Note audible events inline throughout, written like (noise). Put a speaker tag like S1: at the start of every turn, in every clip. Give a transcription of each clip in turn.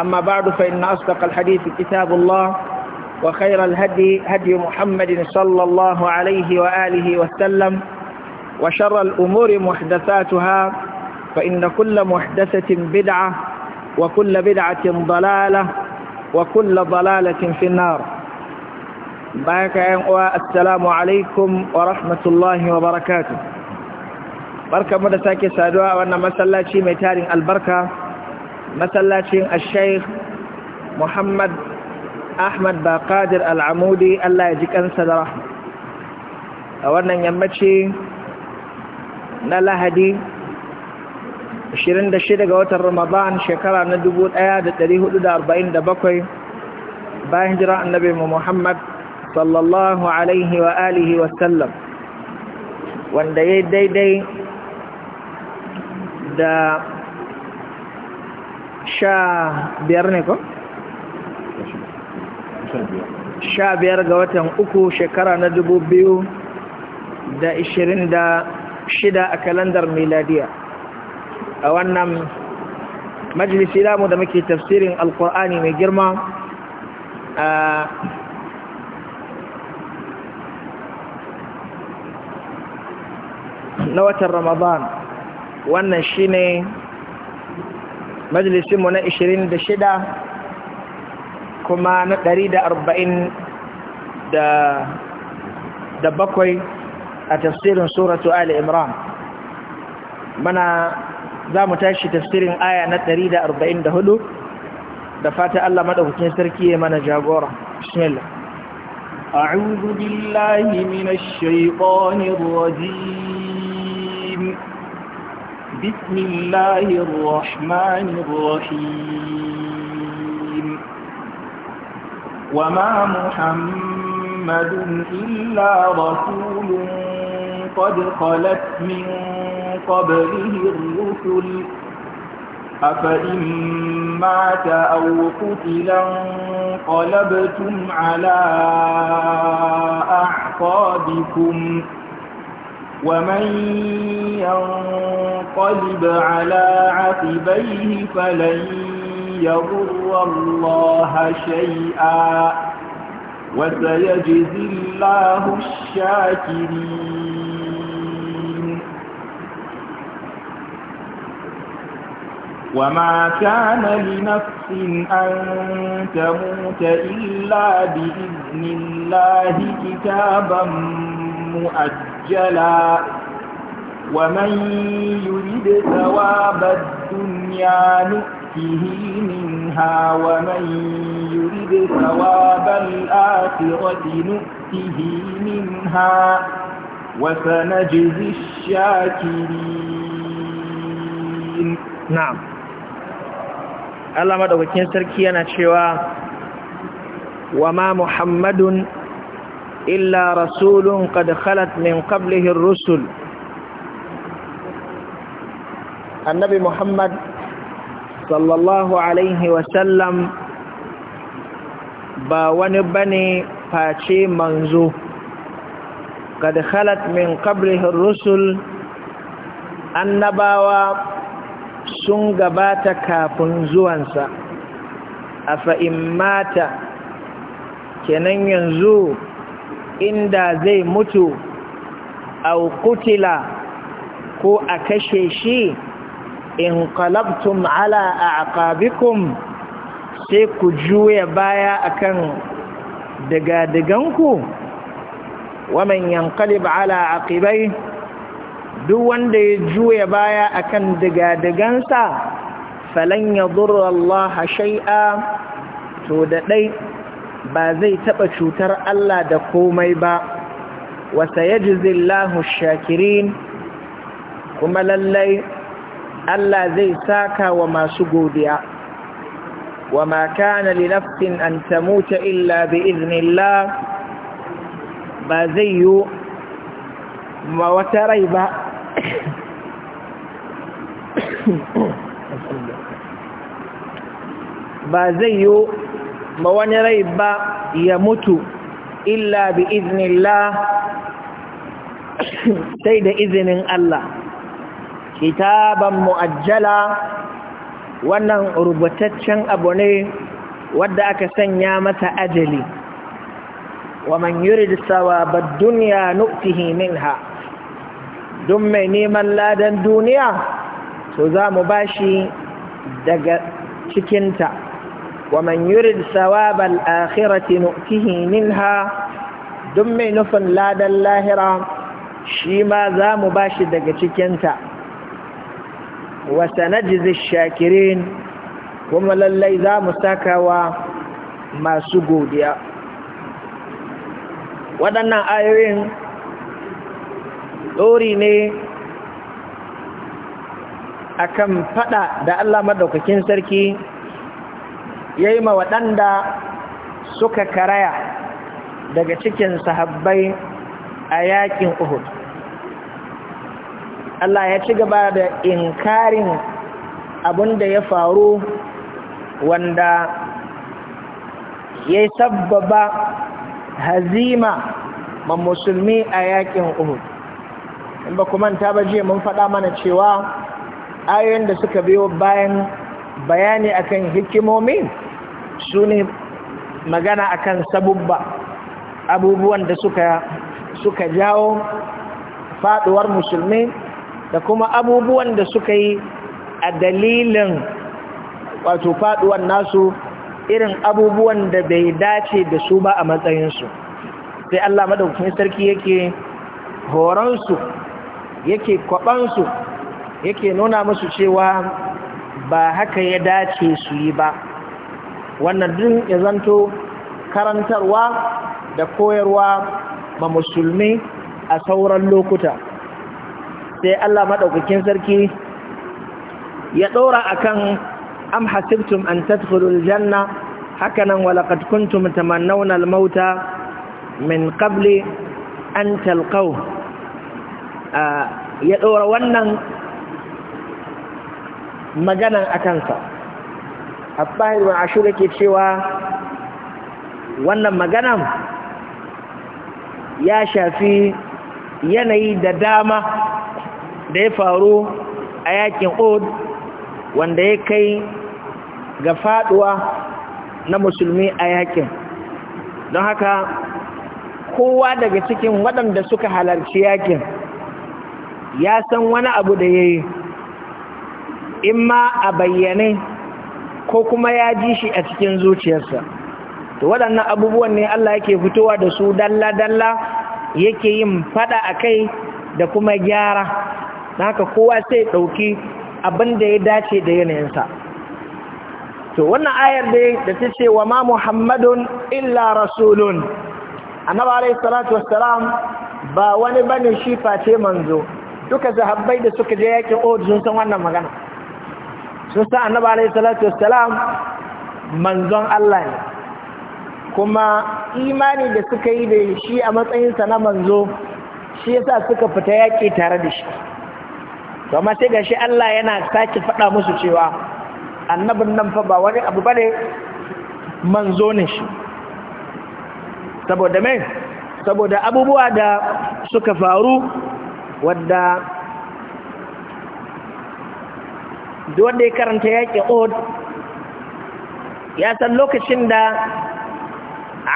S1: أما بعد فإن أصدق الحديث كتاب الله وخير الهدي هدي محمد صلى الله عليه وآله وسلم وشر الأمور محدثاتها فإن كل محدثة بدعة وكل بدعة ضلالة وكل ضلالة في النار السلام عليكم ورحمة الله وبركاته بركة مدساكي سادوا وأن مسلاتي ميتارين البركة masallacin ashaikh muhammad ahmad qadir al'amudi allah ya ji kansa da a wannan yammaci na lahadi 26 ga watan ramadan shekara na 1447 bayan jira annabi muhammad sallallahu alaihi wa alihi wasallam wanda ya daidai da sha biyar ne ko? sha biyar ga watan uku shekara na dubu biyu da ishirin da shida a kalandar miladiya a wannan majalisi damu da muke tafsirin alkur'ani mai girma a na watan ramadan wannan shine ne majalisinmu na 26 kuma na dari da bakwai a tafsirin suratu Ali Imran mana za mu tashi tafsirin aya na 144 da fata Allah maɗaukacin sarki ya mana jagora bismillah
S2: a'udhu billahi minash shaitanir rajim بسم الله الرحمن الرحيم وما محمد إلا رسول قد خلت من قبله الرسل أفإن مات أو قتلا انقلبتم على أعقابكم ۖ ومن ينقلب على عقبيه فلن يضر الله شيئا وسيجزي الله الشاكرين وما كان لنفس أن تموت إلا بإذن الله كتابا مؤجلا ومن يرد ثواب الدنيا نؤته منها ومن يرد ثواب الآخرة نؤته منها وسنجزي الشاكرين نعم Allah
S1: madaukakin sarki yana cewa wa ma Muhammadun إلا رسول قد خلت من قبله الرسل النبي محمد صلى الله عليه وسلم باون بني فاشي منزو قد خلت من قبله الرسل annabawa sun gabata kafin zuwansa a fa'in mata kenan yanzu inda zai mutu au kutila ko a kashe shi in kalabtum ala aqabikum sai ku juya baya akan daga-daganku waman yankalib ala aqibai duk wanda ya juya baya akan daga-dagansa falan yadurra Allah shai'a to da ɗai ba zai taɓa cutar Allah da komai ba wasa ya jizillahu shakirin kuma lallai Allah zai saka wa masu godiya wa maka na li an tamuta illa bi iznillah ba zai yi ma wata rai ba (coughs) ba zai yi ma wani rai ba ya mutu illa bi iznillah (coughs) sai da izinin Allah kitaban mu'ajjala wannan rubutaccen abu ne wadda aka sanya mata ajali wa man yurid sawabad dunya nu'tihi minha dun mai neman ladan duniya to za mu bashi daga cikinta ومن يرد ثواب الآخرة نؤته منها دم نفن لا اللاهرة شيما ذا مباشد كتكنتا وسنجز الشاكرين كما للي ذا مستكوى ما سجوديا waɗannan ayoyin ɗori ne akan faɗa da Allah madaukakin sarki ya yi ma waɗanda suka karaya daga cikin sahabbai a yakin Uhud. Allah ya ci gaba da inkarin abin da ya faru wanda ya sabbaba hazima ma musulmi a yakin Uhud. In ba kuma ta baje mun faɗa mana cewa ayoyin da suka biyo bayan bayani akan hikimomi su ne magana akan sabubba abubuwan da suka suka jawo faduwar musulmi da kuma abubuwan da suka yi a dalilin wato faduwar nasu irin abubuwan da bai dace da su ba a matsayinsu sai Allah madaukakin sarki yake horonsu yake kwabansu yake nuna musu cewa ba haka ya dace su yi ba wannan din ya zanto karantarwa da koyarwa ma musulmi a sauran lokuta sai Allah maɗaukakin sarki ya ɗora akan am hasibtum an tadkhulul janna hakanan wa laqad kuntum tamannawna al-mauta min qabli an talqaw ya ɗora wannan maganan akansa abbahir wa ashura ke cewa wannan maganan ya shafi yanayi da dama da ya faru a yakin od wanda ya kai ga faduwa na musulmi a yakin don haka kowa daga cikin waɗanda suka halarci yakin ya san wani abu da ya yi in ma a bayyane ko kuma ya ji shi a cikin zuciyarsa to waɗannan abubuwan ne Allah yake fitowa da su dalla-dalla yake yin fada a kai da kuma gyara na haka kowa sai ɗauki abin da ya dace da yanayinsa to wannan ayar da ta ce wa ma muhammadun illa rasulun annabi alayhi salatu wassalam ba wani bane shi face manzo duka sahabbai da suka je yakin Uhud sun san wannan magana sun sa annaba alayhi salatu wassalam manzon Allah ne kuma imani da suka yi da shi a matsayinsa na manzo shi yasa suka fita yaƙi tare da shi kuma sai gashi Allah yana sake faɗa musu cewa annabin nan fa ba wani abu bane manzo ne shi saboda me saboda abubuwa da suka faru wadda duk wanda ya karanta yaƙi od ya san lokacin da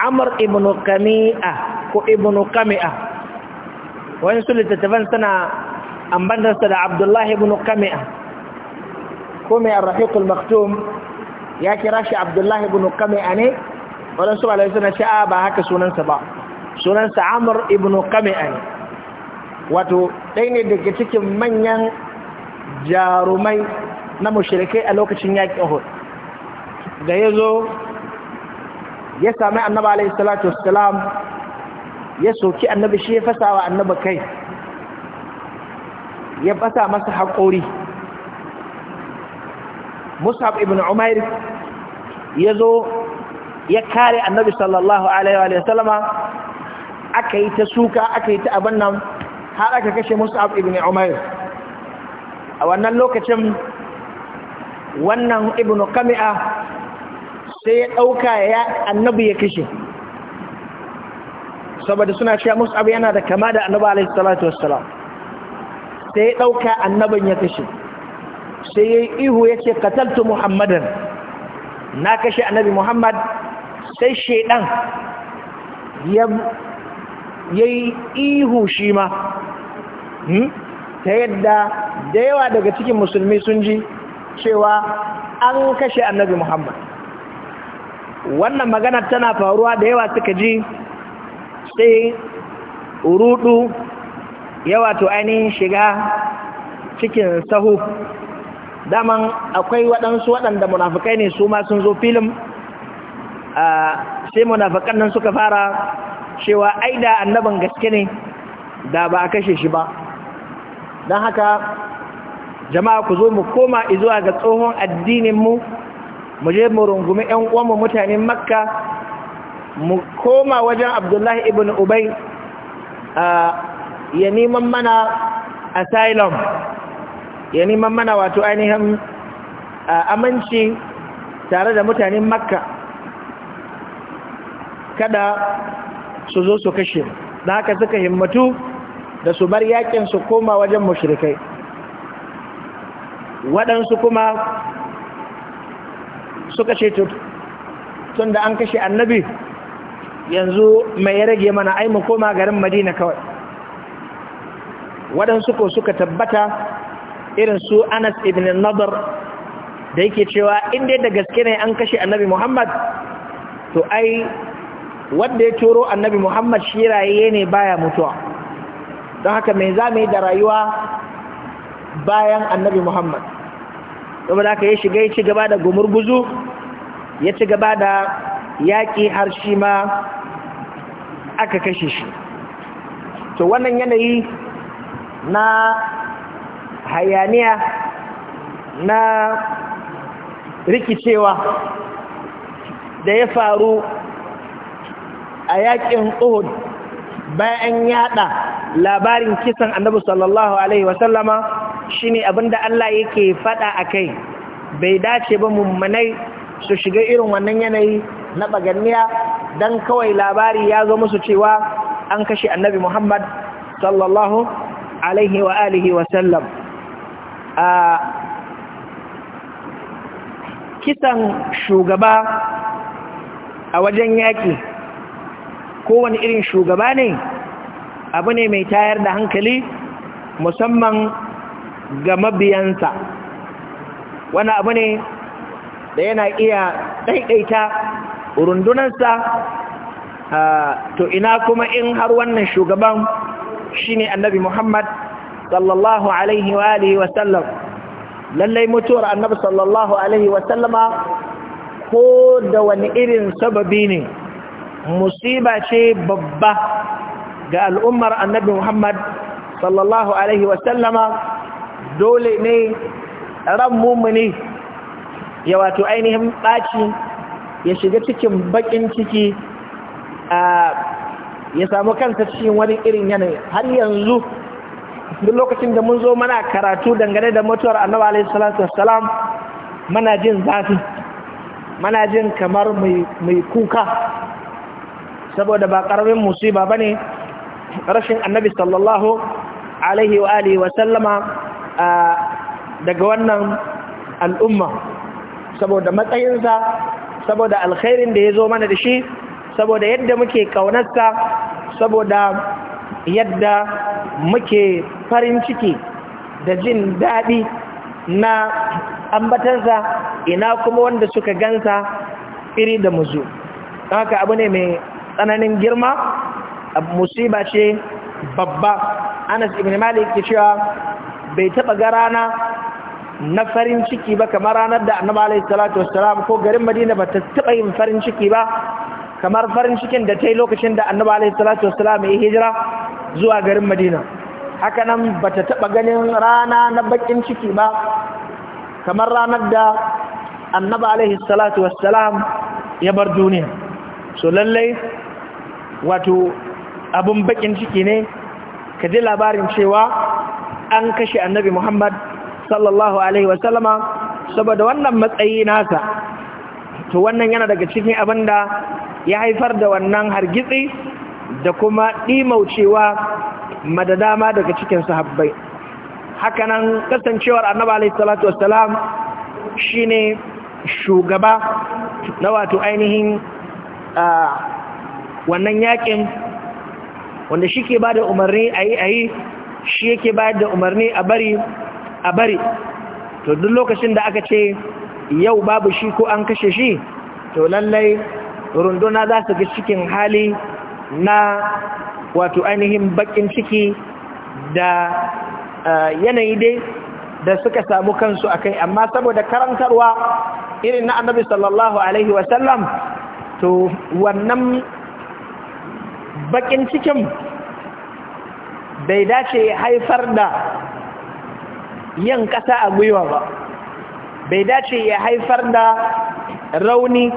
S1: amur ibn kami'a ko ibn kami'a wani su littattafan suna ambandarsa da abdullahi ibn kami'a ko mai arrafikul maktum ya kira shi abdullahi ibn kami'a ne su ba suna sha'a ba haka sunansa ba sunansa amur ibn kami'a ne wato ɗai ne daga cikin manyan jarumai na mushrikai a lokacin yaƙin Uhud da ya zo ya sami annabi alaihi salatu wassalam ya soki annabi shi ya fasawa wa annabi kai ya fasa masa haƙori musab ibn umair ya zo ya kare annabi sallallahu alaihi wasallama aka yi ta suka aka yi ta abin nan har aka kashe musab ibn umair a wannan lokacin wannan Ibn kami'a sai ya ɗauka ya annabi ya kashe saboda suna cewa abu yana da kama da annabi alaihi salatu wassalam sai ya ɗauka annabin ya kashe sai ya yi ihu ya ce kataltu muhammadan na kashe annabi muhammad sai shaidan ya yi ihu shi ma hmm? ta yadda da yawa daga cikin musulmi sun ji cewa an kashe annabi Muhammad wannan magana tana faruwa da yawa suka ji sai rudu yawa to ainihin shiga cikin sahu daman akwai waɗansu waɗanda munafukai ne su ma sun zo filin sai munafukan nan suka fara cewa ai da annabin gaske ne da ba a kashe shi ba don haka jama'a ku zo mu koma zuwa ga tsohon addininmu mu je mu rungumi 'yan uwanmu mutanen makka mu koma wajen abdullahi ibn ubai ya neman mana asylum ya neman mana wato ainihin aminci tare da mutanen makka kada su zo su kashe da haka suka himmatu da su bar yakin su koma wajen mushrikai waɗansu kuma suka ce tun da an kashe annabi yanzu mai rage mana ai mu koma garin madina kawai waɗansu ko suka tabbata irin su anas ibn nadar da yake cewa inda da gaske ne an kashe annabi muhammad to ai wanda ya turo annabi muhammad shi raye ne baya mutuwa don haka mai za da rayuwa bayan annabi muhammad saboda haka ya shiga ya ci gaba da gumurguzu ya ci gaba da yaƙi har shi ma aka kashe shi to wannan yanayi na hayaniya na rikicewa da ya faru a yaƙin uhud bayan yaɗa labarin kisan annabi sallallahu alaihi wasallama shine abinda Allah yake fada kai, bai dace ba mummanai su shiga irin wannan yanayi na baganniya don kawai labari ya zo musu cewa an kashe annabi Muhammad sallallahu alaihi wa alihi wa sallam a kisan shugaba a wajen yaki kowane irin shugaba ne abu ne mai tayar da hankali musamman ga mabiyansa wani abu ne da yana iya ɗaiɗaita rundunansa to ina kuma in har wannan shugaban shi ne annabi Muhammad sallallahu alaihi wa alihi wa sallam lallai mutuwar annabi sallallahu alaihi wa sallama ko da wani irin sababi ne musiba ce babba ga al'ummar annabi Muhammad sallallahu alaihi wa sallama dole ne ran mummuni ya wato ainihin ɓaci ya shiga cikin baƙin ciki a ya samu kansa cikin wani irin yanayi har yanzu duk lokacin da mun zo mana karatu dangane da mutuwar annabi alaihi salatu mana jin zafi mana jin kamar mai kuka saboda ba ƙaramin musiba bane rashin annabi sallallahu alaihi wa alihi wa sallama daga wannan al'umma saboda matsayinsa saboda alkhairin da ya zo mana da shi saboda yadda muke ƙaunarsa saboda yadda muke farin ciki da jin daɗi na ambatansa ina kuma wanda suka gansa iri da muzu haka abu ne mai tsananin girma musiba ce babba anas ibn malik ke cewa bai taba ga rana na farin ciki ba kamar ranar da annabi alaihi salatu wassalam ko garin madina ba ta taɓa yin farin ciki ba kamar farin cikin da ta yi lokacin da annabi alaihi salatu wassalam ya hijira zuwa garin madina haka nan ba ta taɓa ganin rana na bakin ciki ba kamar ranar da annabi alaihi salatu wassalam ya bar duniya so lallai wato abun bakin ciki ne ka ji labarin cewa an kashe annabi Muhammad sallallahu Alaihi wasallama saboda wannan matsayi nasa to wannan yana daga cikin abin da ya haifar da wannan hargitsi da kuma ɗimaucewa madadama daga cikin sahabbai hakanan kasancewar annabi alaihi salatu shi ne shugaba na wato ainihin wannan yakin wanda shi ke ba da umarni a yi a yi shi yake bayar da umarni a bari a bari to duk lokacin da aka ce yau babu shi ko an kashe shi to lallai runduna za su ga cikin hali na wato ainihin bakin ciki da eh, yanayi dai da suka samu kansu a kai amma saboda karantarwa irin na annabi sallallahu alaihi wasallam to wannan bakin cikin bai dace ya haifar da yin ƙasa a gwiwa ba bai dace ya haifar da rauni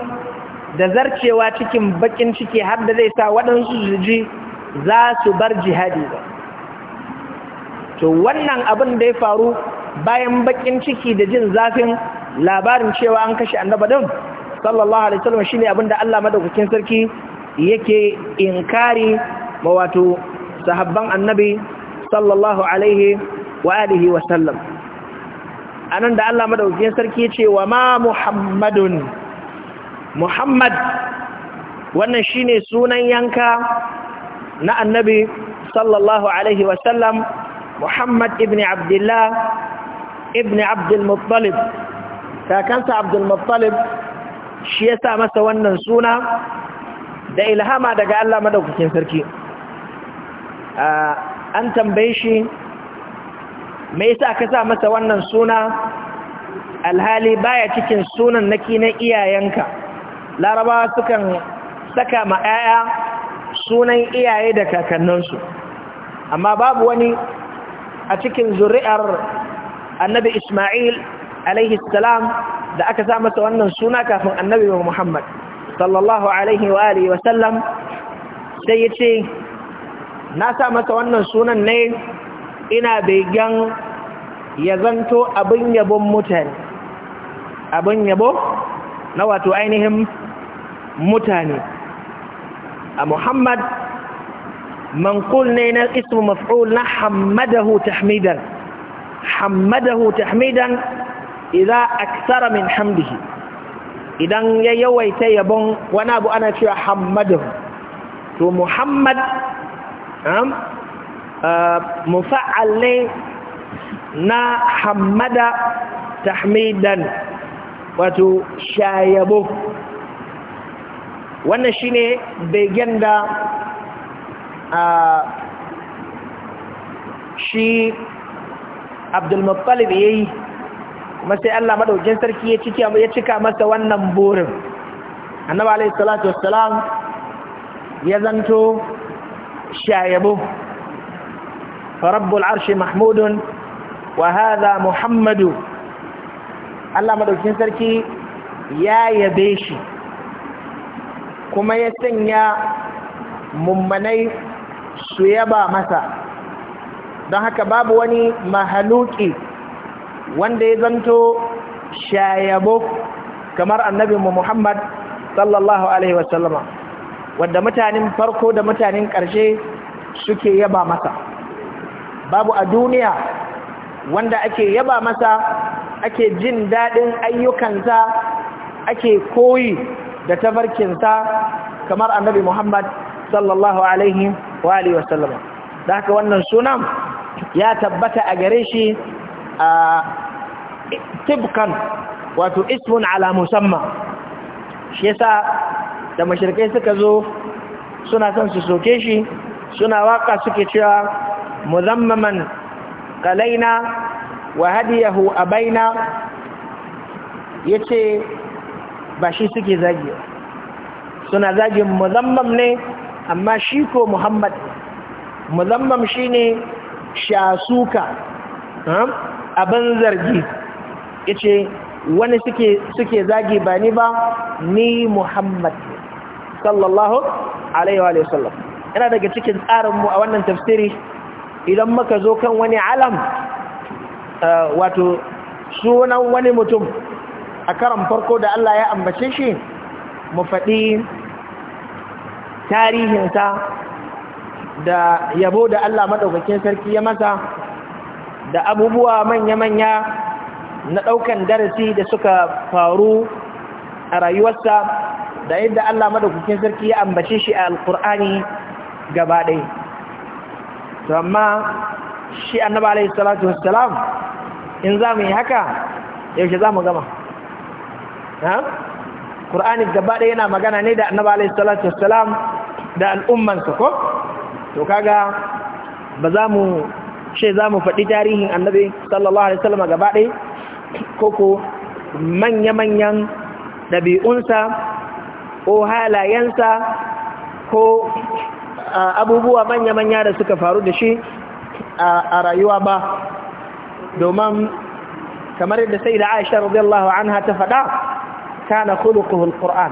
S1: da zarcewa cikin bakin ciki har da zai sa waɗansu su ji za su bar jihadi ba to wannan abin da ya faru bayan bakin ciki da jin zafin labarin cewa an kashe annaba din sallallahu alaihi wasallam shine abin da Allah madaukakin sarki yake inkari ba wato sahabban annabi sallallahu alaihi wa alihi wa sallam anan da Allah madaukakin sarki ce wa ma muhammadun muhammad wannan shine sunan yanka na annabi sallallahu alaihi wa sallam muhammad ibn abdullah ibn abdul muttalib kakansa abdul muttalib shi yasa masa wannan suna da ilhama daga Allah madaukakin sarki an tambaye shi me yasa ka sa masa wannan suna alhali baya cikin sunan naki na iyayenka larabawa sukan saka ma 'ya'ya sunan iyaye da kakanninsu amma babu wani a cikin zuri'ar annabi Ismail alaihi salam da aka sa masa wannan suna kafin annabi Muhammad sallallahu alaihi wa wa sallam sai yace na sa masa wannan sunan ne ina begen ya zanto abin yabon mutane abin yabo na wato ainihin mutane a muhammad manqul ne na ismu maf'ul na hamadahu tahmidan hamadahu tahmidan idan aktsara min hamdihi idan ya yawaita yabon wani abu ana cewa hamadahu to muhammad Uh, mufa'al ne na hamada tahmidan wato shayabo wannan shine begen da uh, shi abdulmuttalib ya yi kuma sai Allah maɗaukin sarki ya cika masa wannan burin annaba alaihi salatu wassalam ya zanto shayabo rabbul arshi mahmudun wa hadha muhammadu Allah madaukin sarki ya yabe shi kuma ya sanya mummanai su yaba masa don haka babu wani mahaluki wanda ya zanto shayabo kamar annabinmu Muhammad sallallahu alaihi wasallama wanda mutanen farko da mutanen ƙarshe suke yaba masa babu a duniya wanda ake yaba masa ake jin daɗin ayyukansa ake koyi da tafarkinsa kamar annabi Muhammad sallallahu alaihi wa alihi wasallam da haka wannan sunan ya tabbata a gare shi a tibkan wato ismun ala musamman shi yasa da mashirkai suka zo suna son su soke shi suna waka suke cewa muzammaman kalaina wa hadiyahu abaina yace ba shi suke zagi suna zagin muzammam ne amma shi ko muhammad muzammam ne shasuka hmm, abin zargi yace wani suke suke zagi ba ni ba ni muhammad sallallahu alaihi wa sallam yana daga cikin tsarinmu a wannan tafsiri idan muka zo kan wani alam eh, wato sunan wani mutum a karan farko da Allah ya ambace shi mu faɗi tarihinsa da yabo da Allah maɗaukakin sarki ya masa da abubuwa manya-manya na ɗaukan darasi da suka faru a rayuwarsa da yadda Allah madaukakin sarki ya ambace shi a alkur'ani gaba ɗaya to amma shi Annaba alaihi salatu wassalam in za mu yi haka yaushe za mu gama ha qur'ani gaba ɗaya yana magana ne da Annaba alaihi salatu wassalam da al'ummansa ko to kaga ba za mu ce za mu faɗi tarihin annabi sallallahu alaihi salama gaba ɗaya ko ko manya-manyan ɗabi'unsa ko halayensa ko abubuwa manya-manya da suka faru da shi a rayuwa ba domin kamar yadda sai da aisha radiyallahu anha ta faɗa kana khuluquhul qur'an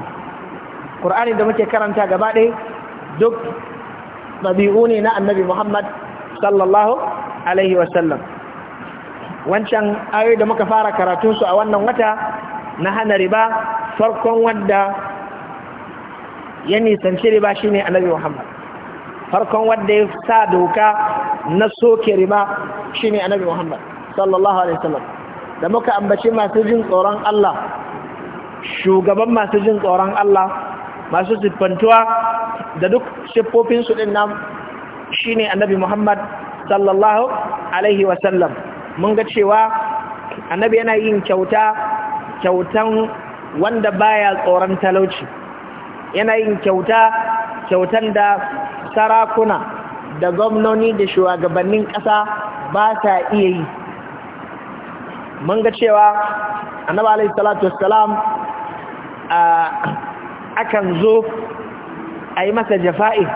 S1: qur'ani da muke karanta gaba ɗai duk ɗabi'u ne na annabi muhammad sallallahu alaihi wasallam wancan ayoyi da muka fara karatunsu a wannan wata na hana riba farkon wadda ya nisanci riba shine annabi Muhammad farkon wanda ya sa doka na soke riba shine annabi Muhammad sallallahu alaihi wasallam da muka ambaci masu jin tsoron Allah shugaban masu jin tsoron Allah masu siffantuwa da duk siffofin su din nan shine annabi Muhammad sallallahu alaihi wasallam mun ga cewa annabi yana yin kyauta kyautan wanda baya tsoron talauci Yanayin kyauta kyautan da sarakuna da gwamnoni da shugabannin ƙasa ba ta iya yi mun ga cewa annabi alaihi salatu wassalam akan zo a yi masa jafa'i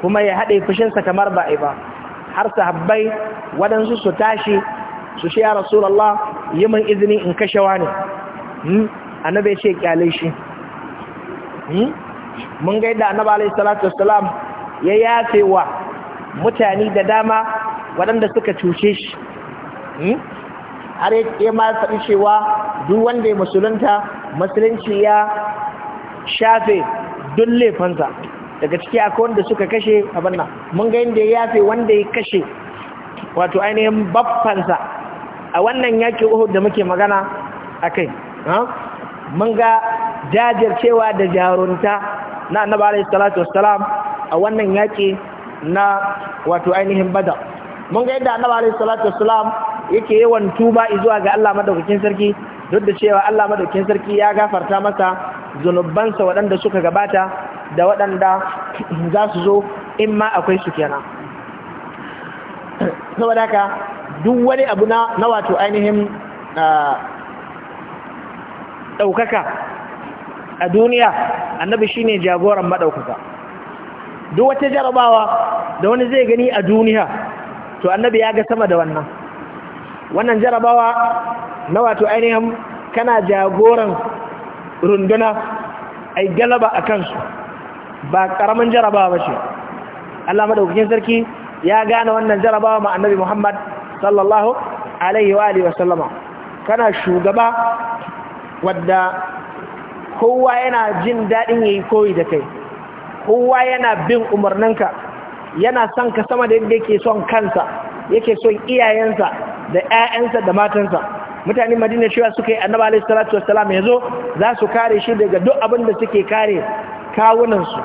S1: kuma ya haɗe fushinsa kamar ba ba har sahabbai waɗansu su tashi su shi ya rasulallah yi min izini in kashewa ne hmm? annabi ya ce kyale shi Hmm? mun ga yadda annabi alaihi salatu wassalam ya yafe wa mutane da dama waɗanda suka cuce shi hmm? har ya ma faɗi cewa duk wanda ya musulunta musulunci ya shafe duk laifansa daga ciki akwai wanda suka kashe abin nan mun ga yadda ya yafe wanda ya kashe wato ainihin baffansa a wannan yaƙi uhud da muke magana a kai mun ga jajircewa da jarunta na annabi alaihi salatu wassalam a wannan yaki na wato ainihin bada. mun ga yadda annabi alaihi salatu wassalam yake yawan tuba zuwa ga Allah madaukakin sarki duk da cewa Allah madaukakin sarki ya gafarta masa zunubansa waɗanda suka gabata da waɗanda za su zo in ma akwai su kenan saboda ka duk wani abu na wato ainihin ah, ɗaukaka a duniya annabi shine jagoran madaukaka duk wata jarabawa da wani zai gani a duniya to annabi ya ga sama da wannan wannan jarabawa na wato ainihin kana jagoran runduna ai galaba a kansu ba karamin jarabawa ba ce Allah madaukakin sarki ya gane wannan jarabawa ma annabi Muhammad sallallahu alaihi wa alihi wa sallama kana shugaba wadda kowa yana jin daɗin ya yi koyi da kai kowa yana bin umarninka yana son ka sama da yadda yake son kansa yake son iyayensa da 'ya'yansa da matansa mutane madina cewa suka yi annaba alaihi salatu wassalam ya zo za su kare shi daga duk abin da suke kare kawunansu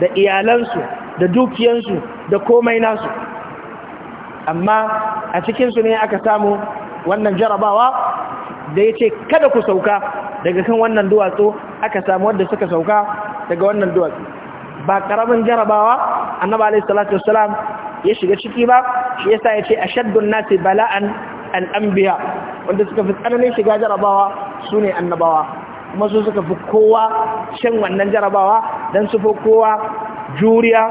S1: da iyalansu da dukiyansu da komai nasu amma a cikinsu ne aka samu wannan jarabawa da ya ce kada ku sauka daga kan wannan duwatsu aka samu wadda suka sauka daga wannan duwatsu ba karamin jarabawa annaba alaihi salatu wassalam ya shiga ciki ba shi yasa ya ce ashaddun nasi bala'an al anbiya wanda suka fi tsananin shiga jarabawa su ne annabawa kuma su suka fi kowa shan wannan jarabawa don su fi kowa juriya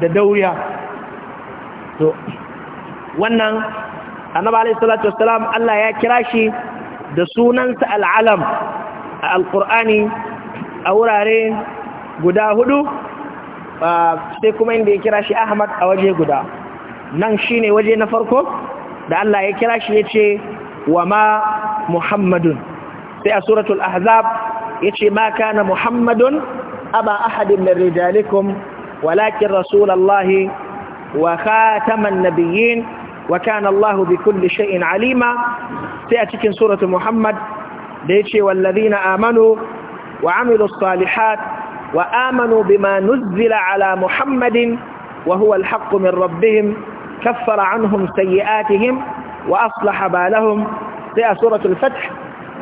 S1: da dauriya to wannan annaba alaihi salatu wassalam Allah ya kira shi da sunansa al'alam a alkur'ani a wurare guda hudu sai kuma inda ya kira shi ahmad a waje guda nan shine waje na farko da Allah ya kira shi ya ce wa ma muhammadun sai a suratul ahzab ya ce ma kana muhammadun aba ahadin min rijalikum walakin rasulallahi wa khataman nabiyyin wa kana Allahu bi kulli shay'in alima sai a cikin suratul muhammad ديتشي والذين آمنوا وعملوا الصالحات وآمنوا بما نزل على محمد وهو الحق من ربهم كفر عنهم سيئاتهم وأصلح بالهم في سورة الفتح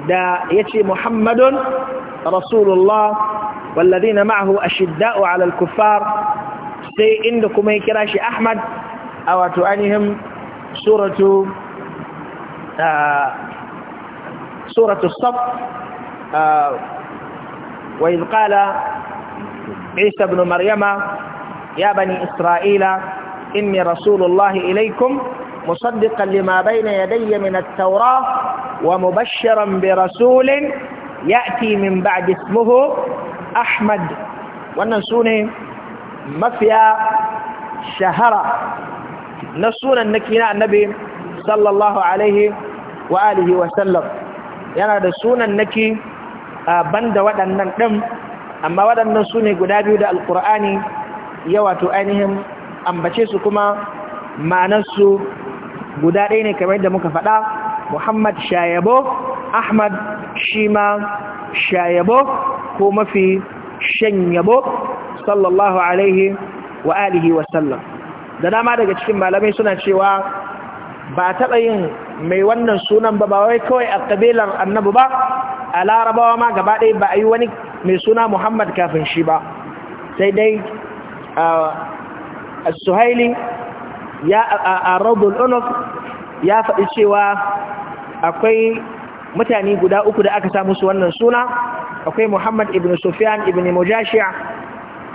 S1: دا يتي محمد رسول الله والذين معه أشداء على الكفار سي إنكم يكراش أحمد أو أتوانهم سورة سورة الصف آه، وإذ قال عيسى بن مريم يا بني إسرائيل إني رسول الله إليكم مصدقا لما بين يدي من التوراة ومبشرا برسول يأتي من بعد اسمه أحمد وننسوني مفيا شهرة نسونا النكينا النبي صلى الله عليه وآله وسلم yana da sunan naki banda waɗannan ɗin amma waɗannan su ne guda biyu da alƙur'ani ya wato ainihin ambace su kuma ma'anarsu guda ɗaya ne kamar yadda muka faɗa muhammad shayabo ahmad shima shayabo ko mafi shanyabo sallallahu alaihi wa alihi wasallam da dama daga cikin malamai suna cewa ba taɓa yin mai wannan sunan ba ba wai kawai a ƙabilar annabi ba a larabawa ma gaba ɗaya ba a yi wani mai suna muhammad kafin shi ba sai dai a suhaili ya a unuf ya faɗi cewa akwai mutane guda uku da aka samu su wannan suna akwai muhammad ibn Sufiyan ibn Mujashiya.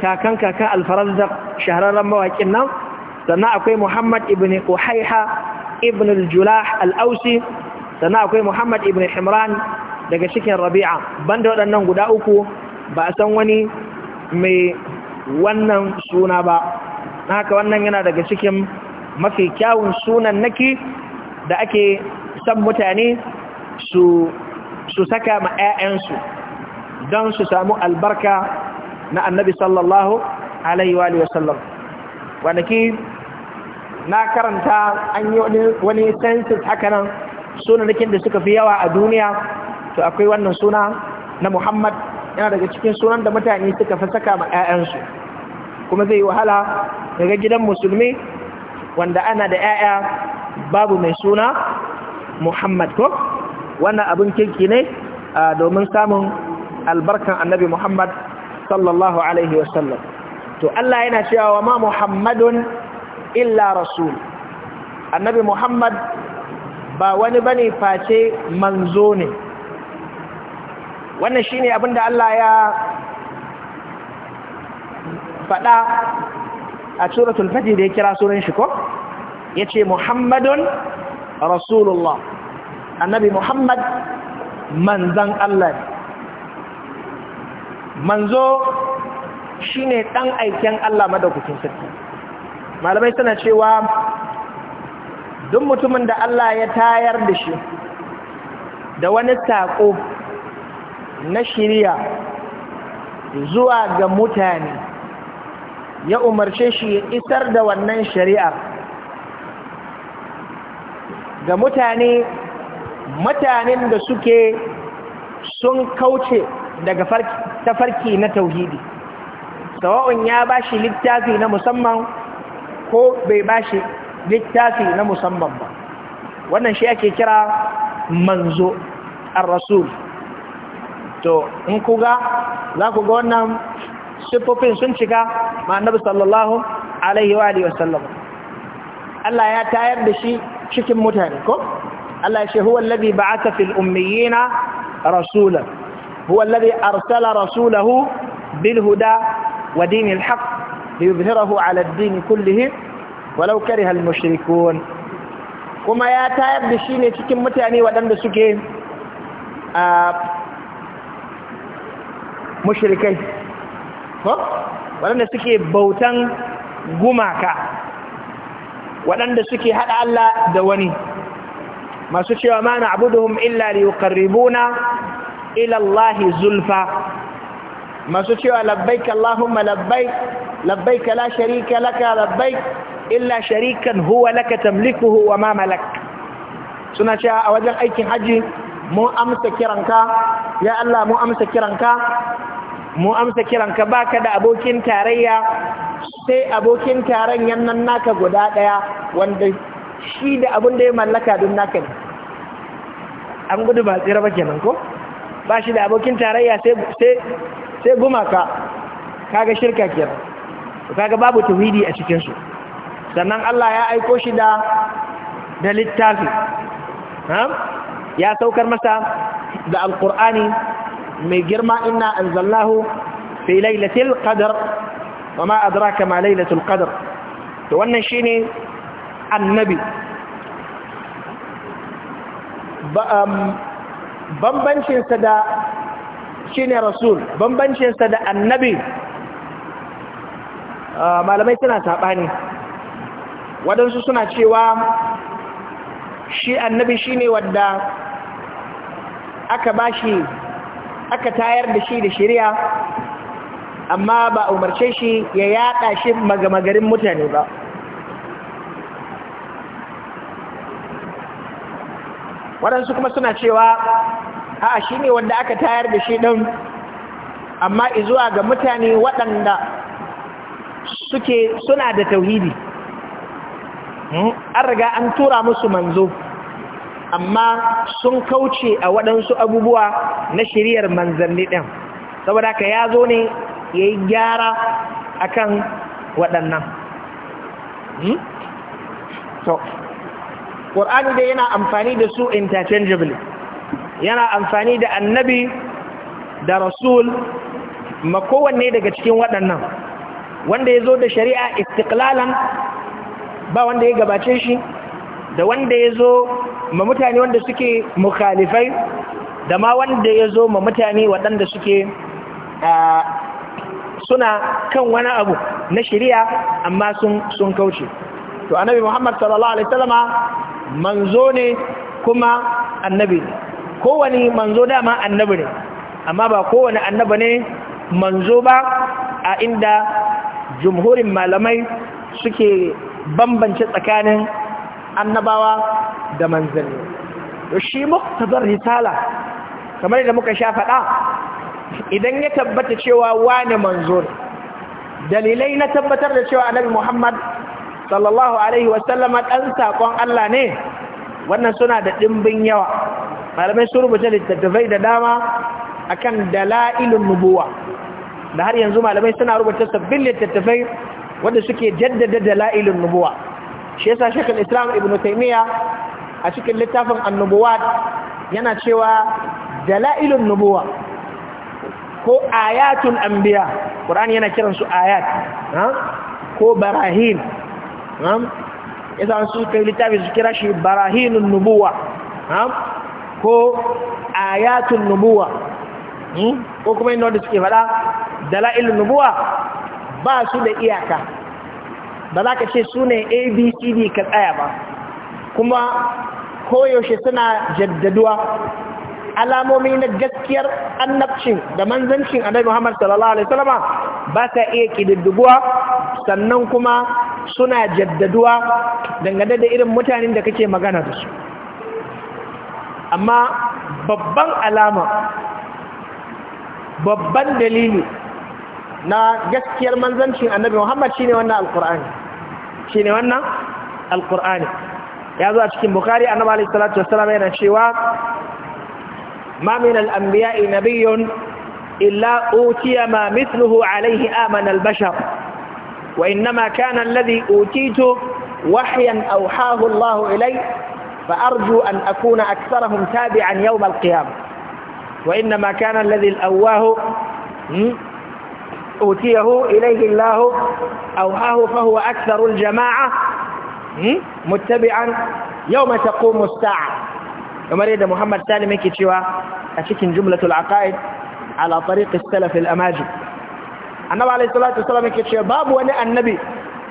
S1: kakan kakan alfarazzar shahararren mawaƙin nan sannan akwai muhammad ibn uhaiha ibn al-julah al-ausi sannan akwai muhammad ibn himran daga cikin rabi'a banda waɗannan guda uku ba a san wani mai wannan suna ba na haka wannan yana daga cikin mafi kyawun sunan naki da ake san mutane su su saka ma 'ya'yansu don su samu albarka na annabi sallallahu alaihi wa sallam kwanaki na karanta an yi wani census haka nan sunanakin da suka fi yawa a duniya to akwai wannan suna na muhammad yana daga cikin sunan da mutane suka fi saka ma 'ya'yansu kuma zai yi wahala daga gidan musulmi wanda ana da 'ya'ya babu mai suna muhammad ko wannan abin kirki ne domin samun albarkan annabi muhammad sallallahu alaihi wasallam to allah yana cewa ma muhammadun illa rasul annabi muhammad ba wani bane face manzo ne wannan shine abin da Allah ya faɗa a suratul fajr da ya kira suran shi ko yace muhammadun rasulullah annabi muhammad manzan Allah manzo shine dan aiken Allah madaukakin sarki malamai suna cewa duk mutumin da Allah ya tayar da shi da wani saƙo na shirya zuwa ga mutane ya umarce shi ya isar da wannan shari'ar. ga mutane mutanen da suke sun kauce daga tafarki na tauhidi sawa'un ya ba shi littafi na musamman ko bai bashi littafi na musamman ba wannan shi ake kira manzo ar-rasul to in kuga za ku ga wannan siffofin sun cika ma annabi sallallahu alaihi wa alihi wasallam Allah ya tayar da shi cikin mutane ko Allah ya huwa alladhi ba'atha fil ummiyina rasulan huwa alladhi arsala rasulahu bil huda wa dinil haqq liyuzhirahu ala ad-din kullihi walau kariha al-mushrikun kuma ya tayar da shi ne cikin mutane wadanda suke a mushrikai ko waɗanda suke bautan gumaka wadanda suke hada Allah da wani masu cewa ma na'buduhum illa liyuqarribuna ila Allah zulfa masu cewa labbaik Allahumma labbaik labbaik la sharika laka labbaik illa sharikan huwa laka tamlikuhu wa ma malak suna cewa a wajen aikin haji mu amsa kiranka ya Allah mu amsa kiranka mu amsa kiranka baka da abokin tarayya sai abokin tarayyan nan naka guda daya wanda shi da abin da ya mallaka don naka ne an gudu ba tsira ba kenan ko ba shi da abokin tarayya sai sai gumaka kaga shirka kenan kaga babu tauhidi a cikin su sannan Allah ya aiko shi da da littafi ya saukar masa da alqur'ani mai girma inna Anzalahu fi lailatul qadr wama adraka ma lailatul qadr to wannan shine annabi um, bambancinsa da shine rasul bambancinsa da annabi ah, malamai suna saɓani waɗansu suna cewa shi annabi shine wadda aka bashi aka tayar da shi da shari'a amma ba umarce shi ya yaɗa shi magamagarin mutane ba waɗansu kuma suna cewa a shi ne wanda aka tayar da shi ɗin amma izuwa ga mutane waɗanda suke suna da tauhidi hmm? an riga an tura musu manzo amma sun kauce a waɗansu abubuwa na shiriyar manzanni ɗin saboda ka ya zo ne ya yi gyara a kan waɗannan so hmm? ƙor'ani dai yana amfani da su interchangeably yana amfani da annabi da rasul ma wanne daga cikin waɗannan wanda ya zo da shari'a istiklalan ba wanda ya gabace shi da wanda ya zo ma mutane wanda suke mukhalifai da ma wanda ya zo ma mutane waɗanda suke suna kan wani abu na shari'a amma sun kauce to annabi muhammad sallallahu alaihi wasallama manzo ne kuma annabi kowane manzo dama annabi ne amma ba kowane annabi ne manzo ba a inda jumhurin malamai suke bambance tsakanin annabawa da manzanni shi muktabar risala kamar da muka sha faɗa idan ya tabbata cewa wane manzo ne dalilai na tabbatar da cewa annabi Muhammad sallallahu alaihi wasallama ɗan saƙon Allah ne wannan suna da ɗimbin yawa malamai sun rubuta littattafai da dama akan dala'ilun nubuwa da har yanzu malamai suna rubuta sabbin littattafai wanda suke jaddada dala'ilun nubuwa shi yasa shekul islam ibnu taymiya a cikin littafin annubuwat yana cewa dala'ilun nubuwa ko ayatul anbiya qur'ani yana kiran su ayat ko barahin yasa su kai littafi su kira shi barahinun nubuwa ko ayatun nubuwa hmm? ko kuma inda wanda suke faɗa dala'il nubuwa ba su da iyaka ba za ka ce su ne abcd ka tsaya ba kuma koyaushe suna jaddaduwa alamomi na gaskiyar annabcin da manzancin annabi Muhammad sallallahu alaihi wasallama ba ta iya kididduguwa sannan kuma suna jaddaduwa dangane da irin mutanen da kake magana da su amma babban alama babban dalili na gaskiyar manzancin annabi Muhammad shine wannan alqur'ani shine wannan alqur'ani ya zo a cikin bukhari annabi alayhi salatu wassalam yana cewa ma min al-anbiya'i nabiyyun illa utiya ma mithluhu alayhi amana al-bashar wa innama kana alladhi utitu wahyan awhahu Allah ilayhi فأرجو أن أكون أكثرهم تابعا يوم القيامة وإنما كان الذي الأواه أوتيه إليه الله أوهاه فهو أكثر الجماعة متبعا يوم تقوم الساعة يوم ريد محمد تالي ميكي تشوى أشكن جملة العقائد على طريق السلف الأماجد النبي عليه الصلاة والسلام ميكي تشوى باب وناء النبي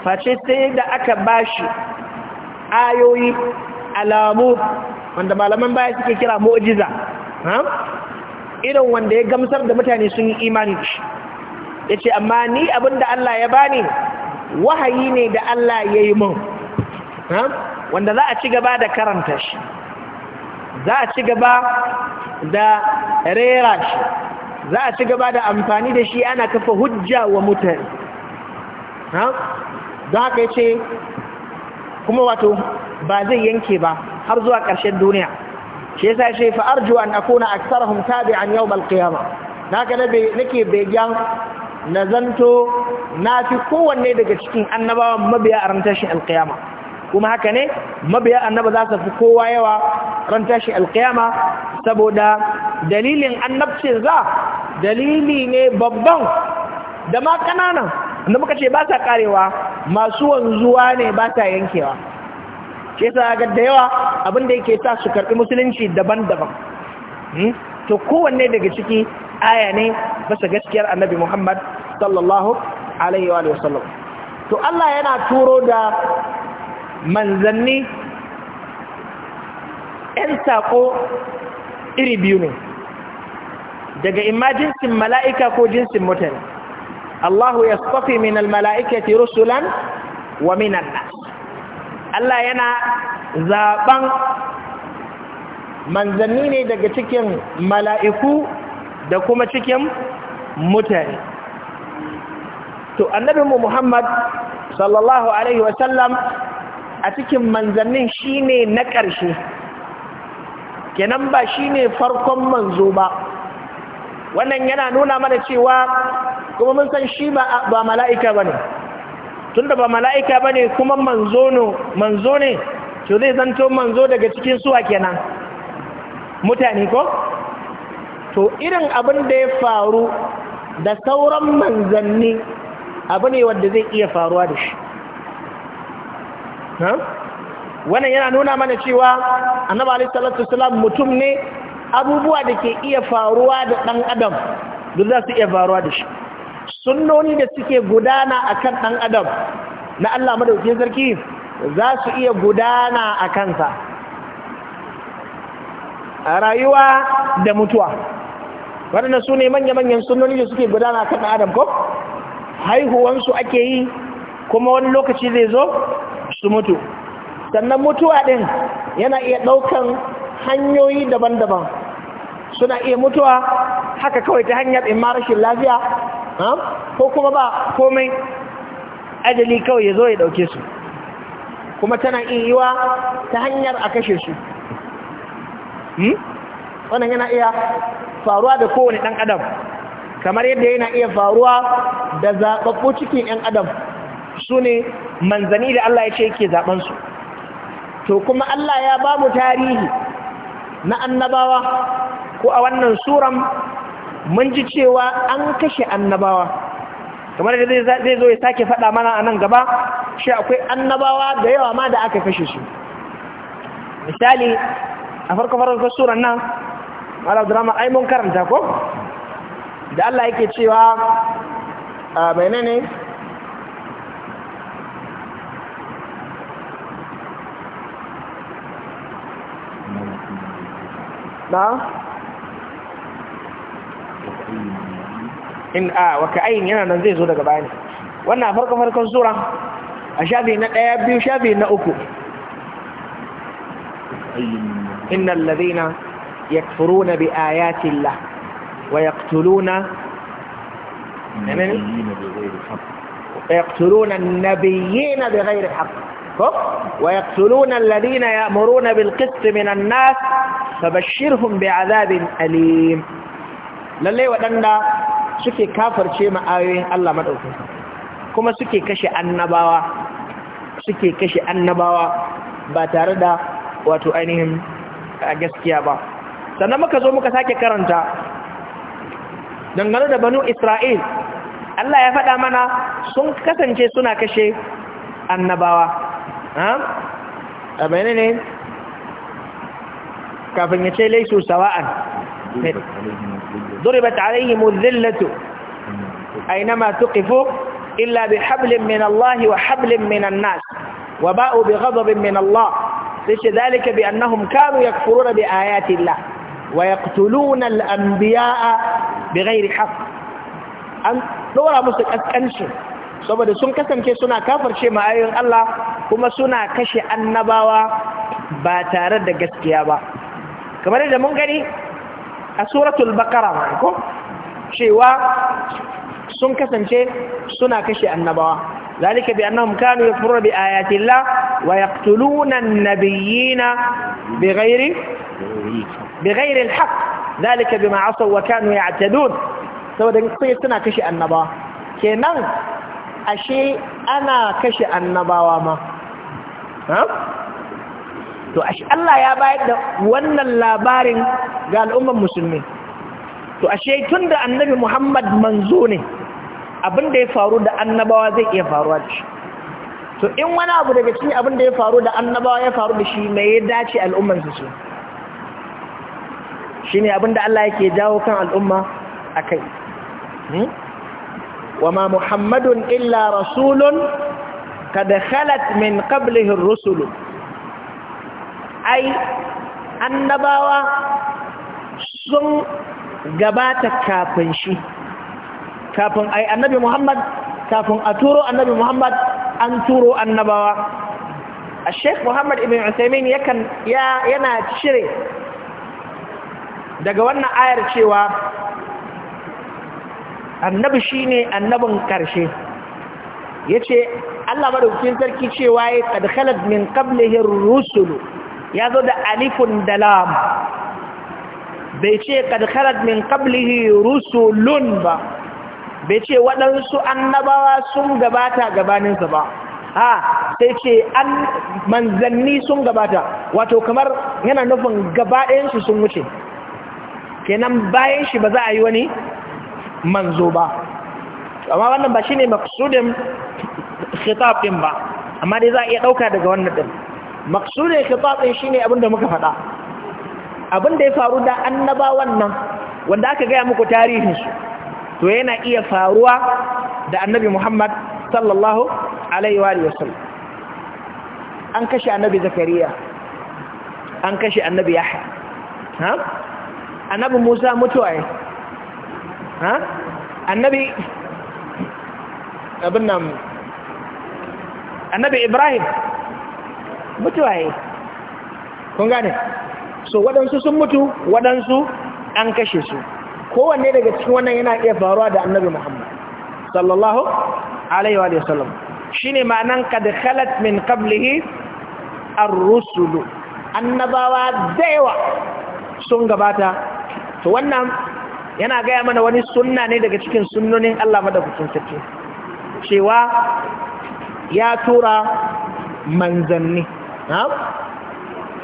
S1: فأشي سيدة أكباشي آيوي alamu wanda malaman baya suke kira mu'jiza irin wanda ya gamsar da mutane sun yi imani shi ya amma ni abinda Allah ya bani wahayi ne da Allah ya yi mun wanda za a ci gaba da karanta shi za a ci gaba da rera shi za a ci gaba da amfani da shi ana kafa hujja wa mutane don haka yace kuma wato ba zai yanke ba har zuwa ƙarshen duniya shi yasa shi fa arju an akuna aktsarhum tabi'an yawm al Na naka nake begen na zanto na fi kowanne daga cikin annabawan mabiya a ran tashin alkiyama kuma haka ne mabiya annaba za su fi kowa yawa ran tashin alkiyama saboda dalilin annabci za dalili ne babban da ma kananan da muka ce ba sa karewa masu wanzuwa ne ba sa yankewa ke sa ga da yawa abinda yake sa su karɓi musulunci daban-daban hmm? to kowanne daga ciki aya ne basa gaskiyar annabi muhammad sallallahu alaihi wa sallam to Allah yana turo da manzanni ‘yan saƙo iri biyu ne daga imajinsin mala'ika ko jinsin mutane Allahu ya stafi min almala'ikati rusulan wa minan nas Allah yana zaɓan manzani ne daga cikin mala'iku da kuma cikin mutane to annabinmu Muhammad sallallahu alaihi wasallam a cikin manzannin shine na ƙarshe kenan ba shine farkon manzo ba wannan yana nuna mana cewa kuma mun san shi ba mala'ika bane, tunda ba mala'ika bane kuma manzo ne to zai zanto manzo daga cikin suwa kenan mutane ko to irin abin da ya faru da sauran manzanni abu ne wanda zai iya faruwa da shi wannan yana nuna mana cewa annaba alaihi salatu wasalam mutum ne abubuwa da ke iya faruwa da ɗan adam duk za su iya faruwa da shi sunnoni da suke gudana a kan ɗan adam na Allah madaukin sarki za su iya gudana a kansa a rayuwa da mutuwa waɗanda su ne manya-manyan sunnoni da suke gudana a kan ɗan adam ko haihuwansu ake yi kuma wani lokaci zai zo su mutu sannan mutuwa ɗin yana iya ɗaukan hanyoyi daban-daban suna iya mutuwa haka kawai ta hanyar in rashin lafiya ko kuma ba komai ajali kawai ya zo ya ɗauke su kuma tana iya ta hanyar a kashe su hmm? wannan yana iya faruwa da kowane ɗan adam kamar yadda yana iya faruwa da zaɓaɓɓu cikin ‘yan adam su ne manzani da Allah ya ce yake zaɓansu to kuma Allah ya babu tarihi na annabawa ko a wannan suran mun ji cewa an kashe annabawa kamar da zai zo ya sake faɗa mana a nan gaba shi akwai annabawa da yawa ma da aka kashe su misali a farko farko suran nan ala drama ai mun karanta ko da Allah yake cewa a ne? na in a waka ayin yana nan zai zo daga bayani wannan a farko farkon sura a shafi na ɗaya biyu shafi na uku innal ladina yakfuruna bi ayati llah wa yaqtuluna ويقتلون النبيين بغير حق ويقتلون الذين يأمرون بالقسط من الناس فبشرهم بعذاب أليم lallai waɗanda suke kafarce ma'ayoyin Allah maɗaukaka kuma suke kashe annabawa suke kashe annabawa ba tare da wato ainihin gaskiya ba sannan muka zo muka sake karanta dangane da banu isra'il Allah ya faɗa mana sun kasance suna kashe annabawa a ne kafin ya ce laisu sawa'an ضربت عليهم الذلة أينما تقفوا إلا بحبل من الله وحبل من الناس وباءوا بغضب من الله ليش ذلك بأنهم كانوا يكفرون بآيات الله ويقتلون الأنبياء بغير حق أن دورا مسك أسكنشي saboda sun kasance suna kafarce ma'ayoyin Allah kuma suna kashe annabawa ba tare da gaskiya ba kamar da mun gani سوره البقره معكم شيوا سن كسنجه سنا كشي النبوه ذلك بانهم كانوا يكفرون بايات الله ويقتلون النبيين بغير بغير الحق ذلك بما عصوا وكانوا يعتدون سو دين سنا كشي النبوه كنن اشي انا كشي النبوه ما ها to ashe Allah ya bayar da wannan labarin ga al'umman musulmi to ashe tun da annabi Muhammad manzo ne abin da ya faru da annabawa zai iya faruwa da shi to in wani abu daga cikin abin da ya faru da annabawa ya faru da shi mai ya dace al'umman su su shine abin da Allah yake jawo kan al'umma a akai hmm? wama muhammadun illa rasulun kad khalat min qablihi ar ai annabawa sun gabata kafin shi kafin ai annabi Muhammad kafin a turo annabi Muhammad an turo annabawa a sheikh Muhammad ibn Usaimin ya yana cire daga wannan ayar cewa annabi shine annabin karshe yace Allah madaukakin sarki cewa ya kad min qablihi ar-rusulu ya zo da alifun da lam bai ce kadkarat min qablihi rusulun ba bai ce waɗansu annabawa sun gabata gabaninsa ba ha sai ce an manzanni sun gabata wato kamar yana nufin gabaɗayensu sun wuce kenan bayan shi ba za a yi wani manzo ba amma wannan ba shine ne khitab din ba amma dai za a iya ɗauka daga wannan din maksudin kitabin shine abinda muka faɗa abinda ya faru da annabawan nan wanda aka gaya muku tarihinsu to yana iya faruwa da annabi Muhammad sallallahu alaihi wa sallam an kashe annabi zakariya an kashe annabi yahya ha annabi musa mutuwa ne ha annabi abin nan annabi ibrahim mutuwa ya kun gane so waɗansu sun mutu waɗansu an kashe su kowanne daga cikin wannan yana iya faruwa da annabi muhammad sallallahu alaihi wa sallam shine ma'anan kad khalat min qablihi ar-rusul annabawa da yawa sun gabata to wannan yana gaya mana wani sunna ne daga cikin sunnonin Allah madaukakin sarki cewa ya tura manzanni نعم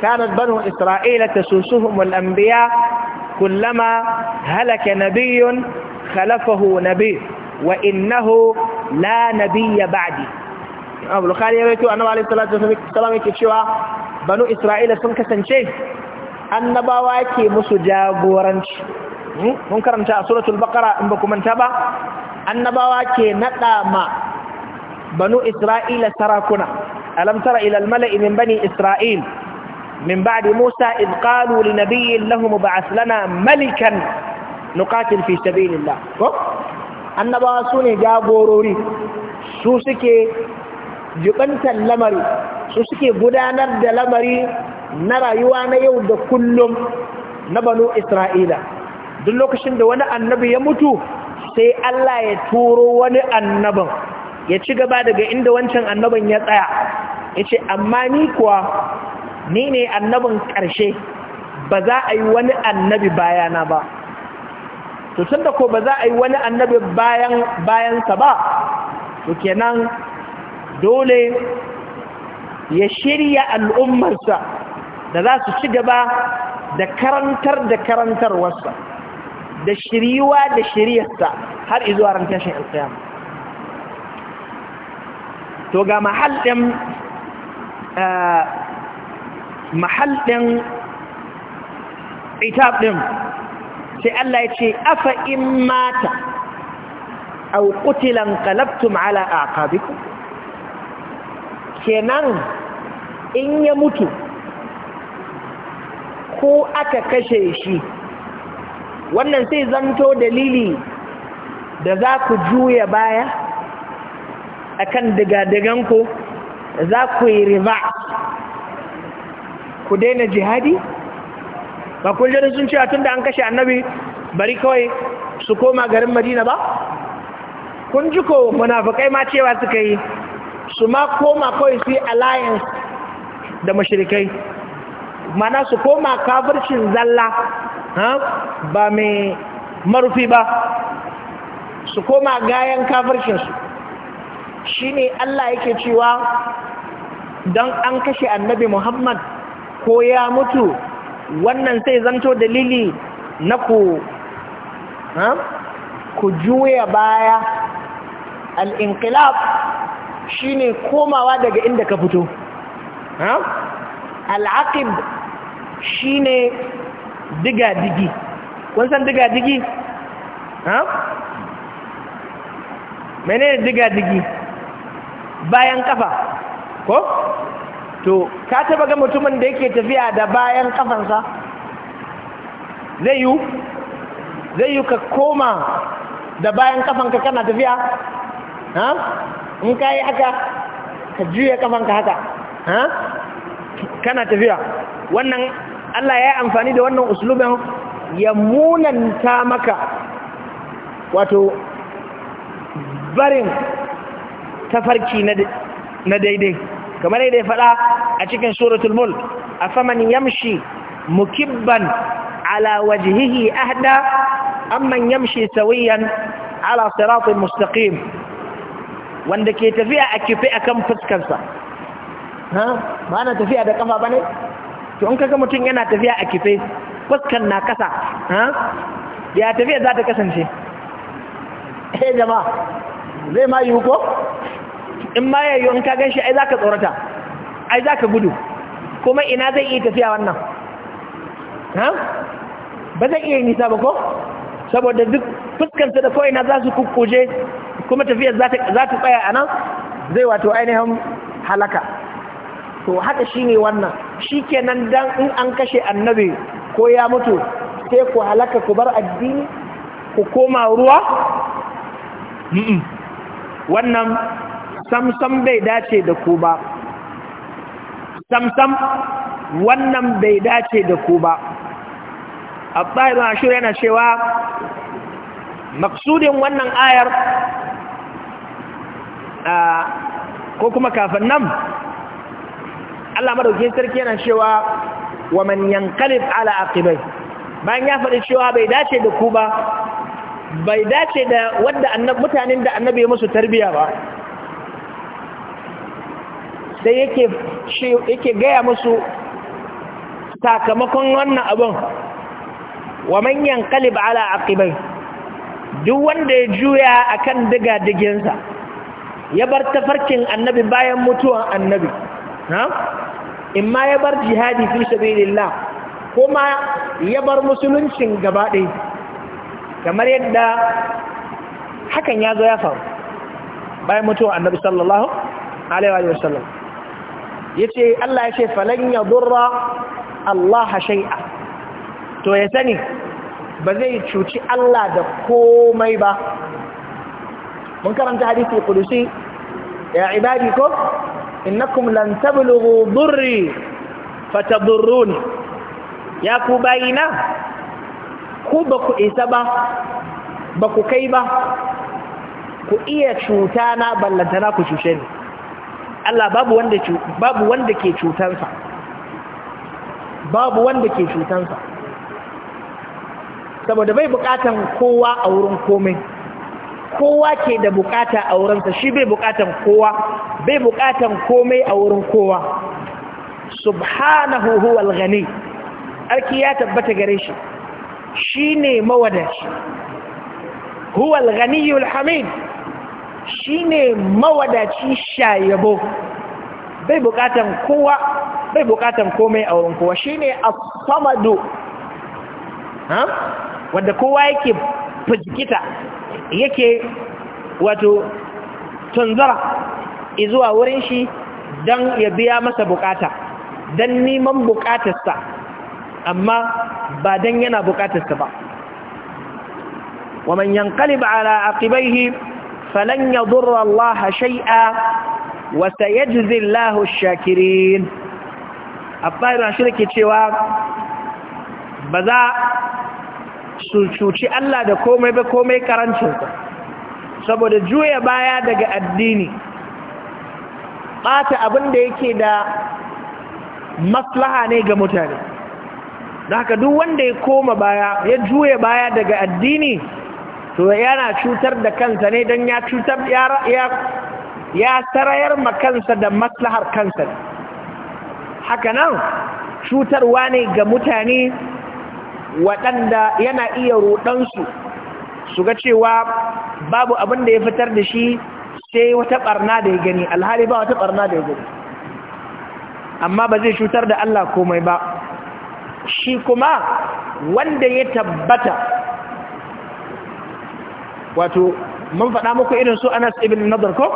S1: كانت بنو إسرائيل تسوسهم الأنبياء كلما هلك نبي خلفه نبي وإنه لا نبي بعدي أبو الخالي يريتو أنه عليه الصلاة والسلام يكشوا بنو إسرائيل سنك سنشي أن بواكي مسجا بورنش منكر انتا سورة البقرة انبكم انتبا أن بواكي نتا ما بنو إسرائيل سراكنا ألم ترى إلى الملأ من بني إسرائيل من بعد موسى إذ قالوا لنبي الله مبعث لنا ملكا نقاتل في سبيل الله أنبا سوني جاء بوروري سوسكي جبنت اللمري سوسكي بدانا دلمري نرى يوانا يود كلهم نبنو إسرائيل دلوك شند وانا النبي يموتو سي الله يتورو وانا النبي ya ci gaba daga inda wancan annaban ya tsaya ya ce amma ni kuwa ni ne annabin ƙarshe ba za a yi wani annabi bayana ba to sun da ko ba za a yi wani annabi bayan bayansa ba to kenan dole ya shirya al'ummarsa da za su ci gaba da karantar da karantarwarsa da shiriwa da shiryarsa har izuwa ran tashin to ga mahallin eh, mahallin itab din sai Allah ya ce afa in mata aw qutilan qalabtum ala aqabikum kenan in ya mutu ko aka kashe shi wannan sai zanto dalili da za ku juya baya akan digadiganku za ku yi riba ku daina jihadi ba kun jini sun cewa tun da an kashe annabi bari kawai su koma garin madina ba kun ji ko munafukai ma cewa suka yi su ma koma kawai su yi alliance da mashirikai mana su koma kafircin zalla ba mai marufi ba su koma gayan kafircinsu Shi ne Allah yake cewa don an kashe annabi Muhammad ko ya mutu wannan sai zanto dalili na ku ku juya baya al'inƙilab shi ne komawa daga inda ka fito al'aƙib shi ne diga-digi san diga-digi? mene diga-digi? bayan kafa ko to ka taba ga mutumin da yake tafiya da bayan kafansa zai yi zai yi ka koma da bayan kafanka kana tafiya ha in ka yi haka ka juya kafanka haka ha kana tafiya wannan Allah ya yi amfani da wannan usulubin ya munanta maka wato barin tafarki na daidai kamar yadda ya faɗa a cikin suratul mulk a faman yamshi mukibban ala wajhihi ahda amman yamshi sawiyan ala siratul mustaqim wanda ke tafiya a kife akan fuskarsa ha ba na tafiya da kafa bane to in kaga mutum yana tafiya a kife fuskar na kasa ha ya tafiya za ta kasance eh jama'a zai ma yi ko in ma yayyo in ka gan shi ai za ka tsorata ai za ka gudu kuma ina zai iya tafiya wannan ha ba zai iya nisa ba ko saboda duk fuskanta da ko'ina za su kukkuje kuma tafiyar za ta tsaya a nan zai wato ainihin halaka to haka shi ne wannan shi kenan dan in an kashe annabi ko ya mutu sai ku halaka ku bar addini ku koma ruwa wannan samsam bai dace da ku ba samsam wannan bai dace da ku ba abdullahi ibn ashur yana cewa maksudin wannan ayar ko kuma kafin nan Allah madaukakin sarki yana cewa wa man yanqalib ala aqibai bayan ya faɗi cewa bai dace da ku ba bai dace da annab mutanen da annabi ya musu tarbiya ba sai yake gaya musu sakamakon wannan abin wa manyan yanqalib ala aqibai duk wanda ya juya akan diga diginsa ya bar tafarkin annabi bayan mutuwan annabi in ma ya bar jihadi fi sabilillah kuma ya bar musuluncin gaba kamar yadda hakan ya zo ya faru bayan mutuwan annabi sallallahu alaihi wa sallam yace Allah yace falan yadurra Allah shay'a to ya sani ba zai cuci Allah da komai ba mun karanta hadisi kudusi ya ibadi ko innakum lan tablughu durri fatadurruni ya ku bayina ku ba ku isa ba ba ku kai ba ku iya cuta na ballantana ku cuce ni Allah babu wanda babu wanda ke cutansa babu wanda ke cutansa saboda bai bukatan kowa a wurin komai kowa ke da bukata a wurinsa shi bai bukatan kowa bai bukatan komai a wurin kowa subhanahu huwal ghani arki ya tabbata gare shi shine mawadaci huwal ghaniyul hamid Shi ne mawadaci shayabo bai bukatan kowa bai bukatan komai a wurin kowa shine ne samadu ha wanda kowa yake fajikita yake wato tunzara izuwa wurin shi don ya biya masa bukata don neman bukatarsa amma ba don yana bukatarsa ba wa man ba a aqibaihi falan yadurra Allah shay'a wa sayajzi Allahu ash-shakirin Abba ibn cewa ba su cuci Allah da komai ba komai karancinsa saboda juya baya daga addini ɓata abin da yake da maslaha ne ga mutane da haka duk wanda ya koma juya baya daga addini to yana cutar da kansa ne don ya cutar ya sarayar ma kansa da maslahar kansa haka nan cutarwa ne ga mutane waɗanda yana iya ruɗansu su ga cewa babu abin da ya fitar da shi sai wata ɓarna da ya gani alhali ba wata ɓarna da ya gani amma ba zai cutar da Allah komai ba shi kuma wanda ya tabbata wato mun faɗa muku irin su Anas ibn Nadr ko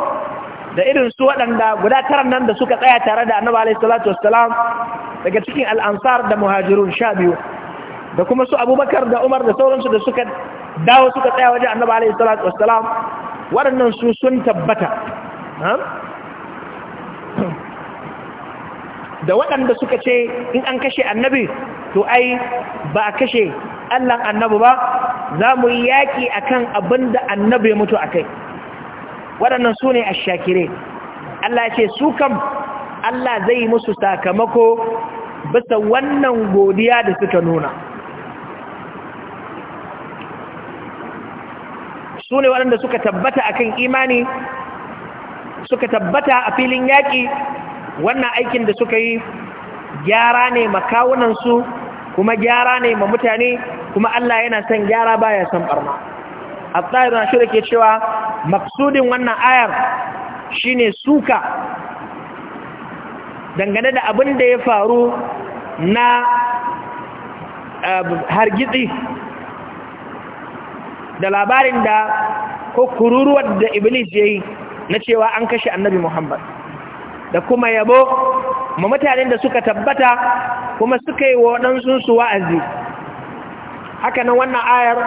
S1: da irin su waɗanda guda tara nan da suka tsaya tare da Annabi alaihi salatu wassalam daga cikin al-Ansar da Muhajirun sha biyu da kuma su Abubakar da Umar da sauransu da suka dawo suka tsaya wajen Annabi alaihi salatu wassalam waɗannan su sun tabbata da waɗanda suka ce in an kashe annabi to ai ba a kashe allah annabi ba za mu yi yaƙi a kan abin da annabi ya mutu a kai waɗannan su ne a shakire allah ce su kam allah zai musu sakamako bisa wannan godiya da suka nuna su ne waɗanda suka tabbata akan imani suka tabbata a filin yaƙi wannan aikin da suka yi gyara ne makawunansu kuma gyara ne ma mutane kuma Allah yana son gyara baya son barna abdullah na shirke cewa maksudin wannan ayar shine suka dangane da abin da ya faru na eh, hargitsi da labarin da ko kururuwar da iblis ya na cewa an kashe annabi muhammad da kuma yabo ma mutanen da suka tabbata kuma suka yi waɗansunsu wa'azi haka na wannan ayar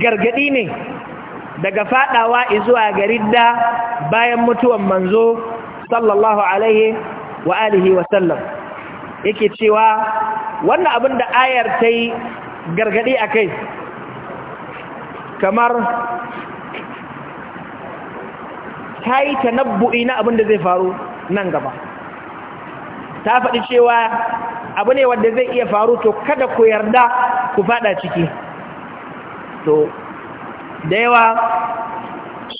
S1: gargaɗi ne daga faɗawa izuwa garin da bayan mutuwan manzo sallallahu alaihi wa alihi wasallam yake cewa wannan abin da ayar ta yi gargaɗi a kai kamar ta yi tanabbu'i na abin da zai faru nan gaba ta faɗi cewa abu ne wanda zai iya faru to kada ku yarda ku faɗa ciki to da yawa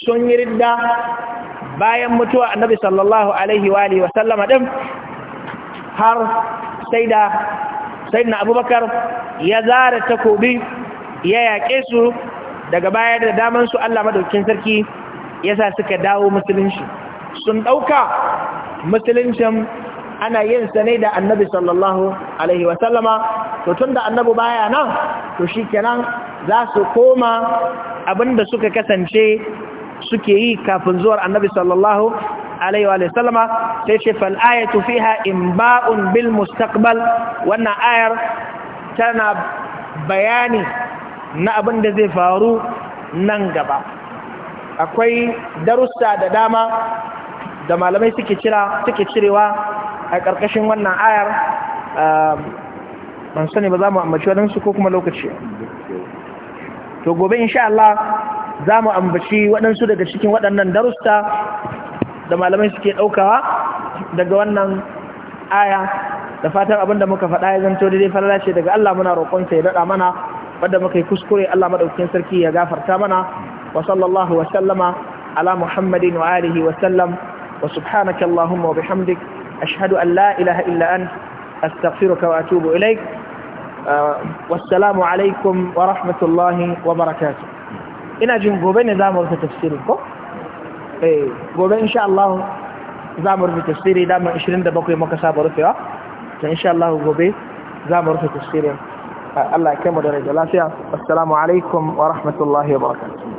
S1: sun yi ridda bayan mutuwa annabi sallallahu alaihi wa sallama wasallama har sai da abubakar ya zara takobi ya yaƙe su daga baya da damansu Allah madaukin sarki yasa suka dawo musulunci sun ɗauka musuluncin ana yin sa ne da annabi sallallahu alaihi wasallama to tun da annabi baya nan to shi kenan za su koma abinda suka kasance suke yi kafin zuwar annabi sallallahu alaihi wasallama sai ce fal'ayatu fiha imba'un bil mustaqbal wannan ayar tana bayani na abinda zai faru nan gaba akwai darussa da dama da malamai suke cira suke cirewa a ƙarƙashin wannan ayar ban sani ba za mu ambaci waɗansu ko kuma lokaci to gobe insha Allah za mu ambaci waɗansu daga cikin waɗannan darussa da malamai suke ɗaukawa daga wannan aya da fatan abin da muka faɗa ya zanto daidai falala ce daga Allah muna roƙonsa ya daɗa mana wadda muka yi kuskure Allah maɗaukin sarki ya gafarta mana وصلى الله وسلم على محمد وآله وسلم وسبحانك اللهم وبحمدك أشهد أن لا إله إلا أنت أستغفرك وأتوب إليك آه، والسلام عليكم ورحمة الله وبركاته إن أجل قبين دامر في تفسيركم قبين إيه، إن شاء الله دامر في تفسيري دامر إشرين دبقي مكساب رفيا إن شاء الله قبين دامر في تفسيري آه، الله كم درجة لا فيها السلام عليكم ورحمة الله وبركاته